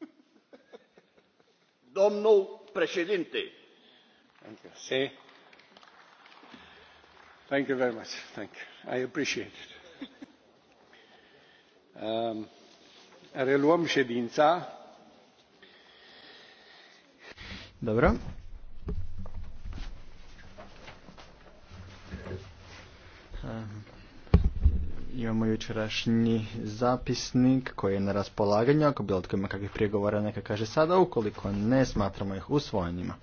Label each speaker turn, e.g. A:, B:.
A: Domnul președinte.
B: Thank you. See? Thank you very much. Thank you. I appreciate it. Um, reluăm ședința.
C: Dobro.
D: Um Imamo jučerašnji zapisnik koji je na raspolaganju. Ako bilo tko ima kakvih prigovora neka kaže sada, ukoliko ne smatramo ih usvojenima.